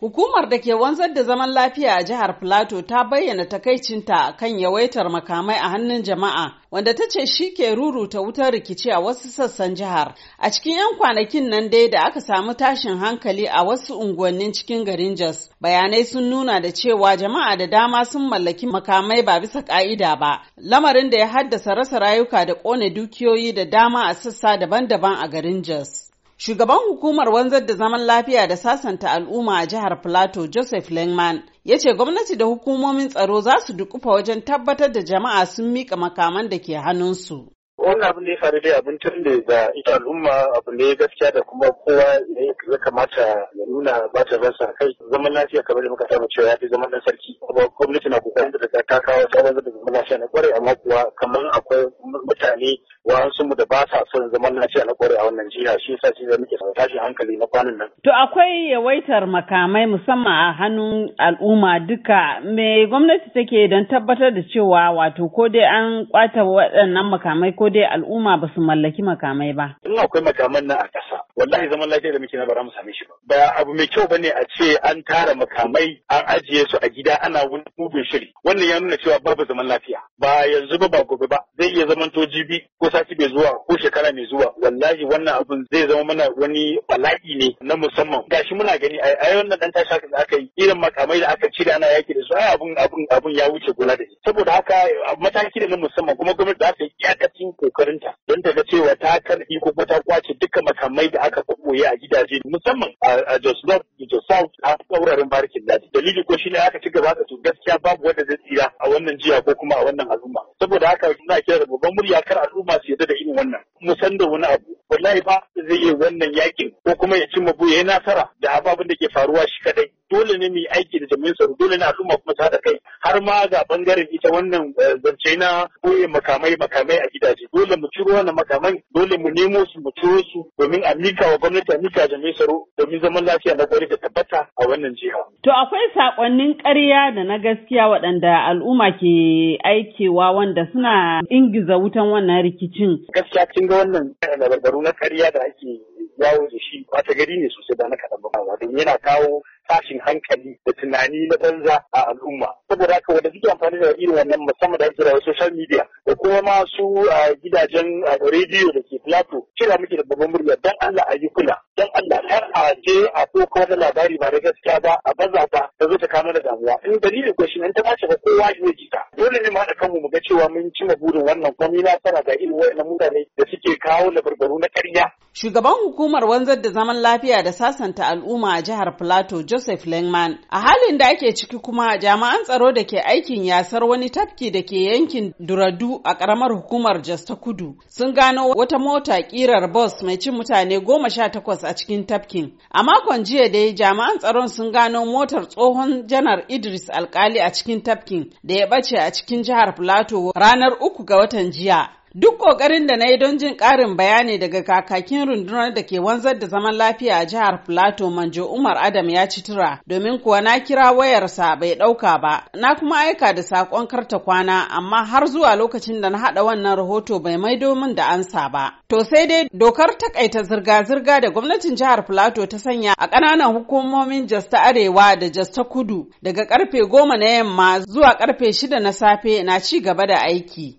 Hukumar da ke wanzar da zaman lafiya a jihar Plateau ta bayyana takaicinta a kan yawaitar makamai a hannun jama'a wanda ta ce shi ke ruruta wutar rikici a wasu sassan jihar. A cikin 'yan kwanakin nan dai da aka samu tashin hankali a wasu unguwannin cikin garin Jos, bayanai sun nuna da cewa jama'a da dama sun mallaki makamai ba bisa ka'ida ba, lamarin da ya haddasa rasa rayuka da ƙone dukiyoyi da dama a sassa daban-daban a garin Jos. Shugaban hukumar wanzar da zaman lafiya da sasanta al'umma a jihar Plateau Joseph Lengman ya ce gwamnati da hukumomin tsaro za su dukufa wajen tabbatar da jama'a sun mika makaman da ke hannunsu. wannan abin da ya faru dai abin da ga ita al'umma abu ne gaskiya da kuma kowa ya kamata ya nuna ba ta rasa kai zaman lafiya kamar da muka saba cewa ya fi zaman na sarki kuma gwamnati na kokarin da ta kawo sabon da zaman lafiya na kware amma kuwa kamar akwai mutane wa'ansu mu da ba sa son zaman lafiya na kware a wannan jiha shi yasa shi da muke tashin hankali na kwanan nan. To akwai yawaitar makamai musamman a hannun al'umma duka me gwamnati take don tabbatar da cewa wato ko dai an kwata waɗannan makamai ko dai dai al'umma ba su mallaki makamai ba. In akwai makaman nan a ƙasa. wallahi zaman lafiya da muke na bara mu same shi ba ba abu mai kyau bane a ce an tara makamai an ajiye su a gida ana wani shiri wannan ya nuna cewa babu zaman lafiya ba yanzu ba ba gobe ba zai iya zaman to jibi ko sati mai zuwa ko shekara mai zuwa wallahi wannan abun zai zama mana wani bala'i ne na musamman gashi muna gani ai wannan dan tashi da aka yi irin makamai da aka ci da ana yaki da su ai abun abun abun ya wuce gona da saboda haka mataki da na musamman kuma gwamnati za ta yi iyakacin kokarinta don ta ce cewa ta karfi ko ta kwace duka makamai da aka koye a gidaje musamman a Jos North da Jos South a ƙaurarin barikin daji dalili ko shine aka ci gaba da su gaskiya babu wanda zai tsira a wannan jiya ko kuma a wannan al'umma saboda haka ina kira da babban murya kar al'umma su yarda da irin wannan mu san da wani abu wallahi ba zai yi wannan yakin ko kuma ya cimma buya ya nasara da ababen da ke faruwa shi kadai dole ne mu yi aiki da jami'in tsaro dole ne al'umma kuma ta da kai har ma ga bangaren ita wannan eh, zance na koye makamai makamai a gidaje dole mu ciro wannan makaman dole mu nemo su mu ciro su domin a mika wa gwamnati a mika jami'in tsaro domin zaman lafiya na gwari da tabbata a wannan jiha. To akwai sakonnin karya da na gaskiya waɗanda al'umma ke aikewa wanda suna ingiza wutan wannan rikicin. Gaskiya kin ga wannan eh, labarbaru na karya da ake yawo da shi ta gari ne sosai da na kaɗan ba. Yana kawo tashin hankali da tunani na banza a al'umma saboda haka wanda suke amfani da irin wannan musamman da ake da social media da kuma masu gidajen rediyo da ke plato kira muke da babban murya don Allah a yi kula don Allah kar a je a ɗauko wani labari ba da gaskiya ba a banza ba zo ta kama da damuwa in dalilin ko shi nan ta bace ba kowa shi ne jita dole ne mu haɗa kanmu mu ga cewa mun ci ma burin wannan Kwami na tsara ga irin waɗannan mutane da suke kawo labarbaru na karya. Shugaban hukumar wanzar da zaman lafiya da sasanta al'umma a jihar Plateau Joseph Langman. A halin da ake ciki kuma jami'an tsaro da ke aikin yasar wani tafki da ke yankin Duradu a karamar hukumar Jos ta Kudu sun gano wata mota kirar bus mai cin mutane goma sha takwas a cikin tafkin. A makon jiya dai jami'an tsaron sun gano motar tsohon tsohon janar Idris Alkali a cikin tafkin da ya bace a cikin jihar Plateau ranar uku ga watan jiya Duk ƙoƙarin da na yi don jin ƙarin bayani daga kakakin rundunar da ke wanzar da zaman lafiya a jihar Filato Manjo Umar Adam ya ci tura domin kuwa na kira wayarsa bai ɗauka ba. Na kuma aika da saƙon karta kwana amma har zuwa lokacin da na haɗa wannan rahoto bai maido min da ansa ba. To sai dai dokar takaita zirga-zirga da gwamnatin jihar Filato ta sanya a ƙananan hukumomin Jasta Arewa da Jasta Kudu daga ƙarfe goma na yamma zuwa ƙarfe shida na safe na ci gaba da aiki.